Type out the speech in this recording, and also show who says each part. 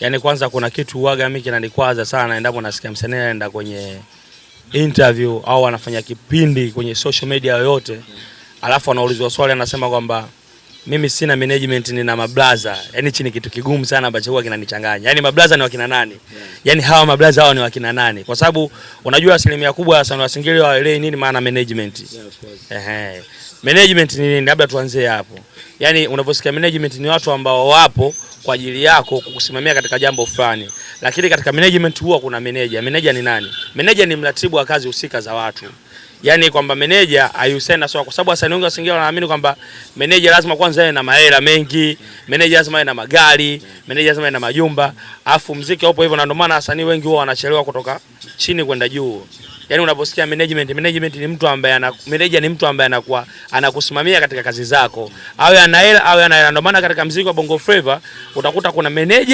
Speaker 1: yani kwanza kuna kitu uwaga mimi kinanikwaza sana endapo nasikia msanii anaenda kwenye interview au anafanya kipindi kwenye social media yoyote, alafu anaulizwa swali anasema kwamba mimi sina management, nina mablaza. Yani hichi ni kitu kigumu sana ambacho huwa kinanichanganya. Yani mablaza ni wakina nani? Yani hawa mablaza hawa ni wakina nani? Kwa sababu unajua asilimia kubwa sana wasingili hawaelewi nini maana management. Ehe. Management ni nini? Labda tuanzie hapo. Yani unavyosikia management ni watu ambao wapo kwa ajili yako kukusimamia katika jambo fulani. Lakini katika management huwa kuna manager. Manager ni nani? Manager ni mratibu wa kazi husika za watu yani kwamba meneja hayuhusiani na soka, kwa sababu wasanii wengi wa Singida wanaamini kwamba meneja lazima kwanza awe na mahela mengi, meneja lazima awe na magari, meneja lazima awe na majumba, afu mziki upo hivyo, na ndio maana wasanii wengi huwa wanachelewa kutoka chini kwenda juu. Yani unaposikia management, management ni mtu ambaye ana meneja ni mtu ambaye anakuwa anakusimamia katika kazi zako, awe ana hela awe ana hela. Ndio maana katika mziki wa Bongo Flava utakuta kuna meneja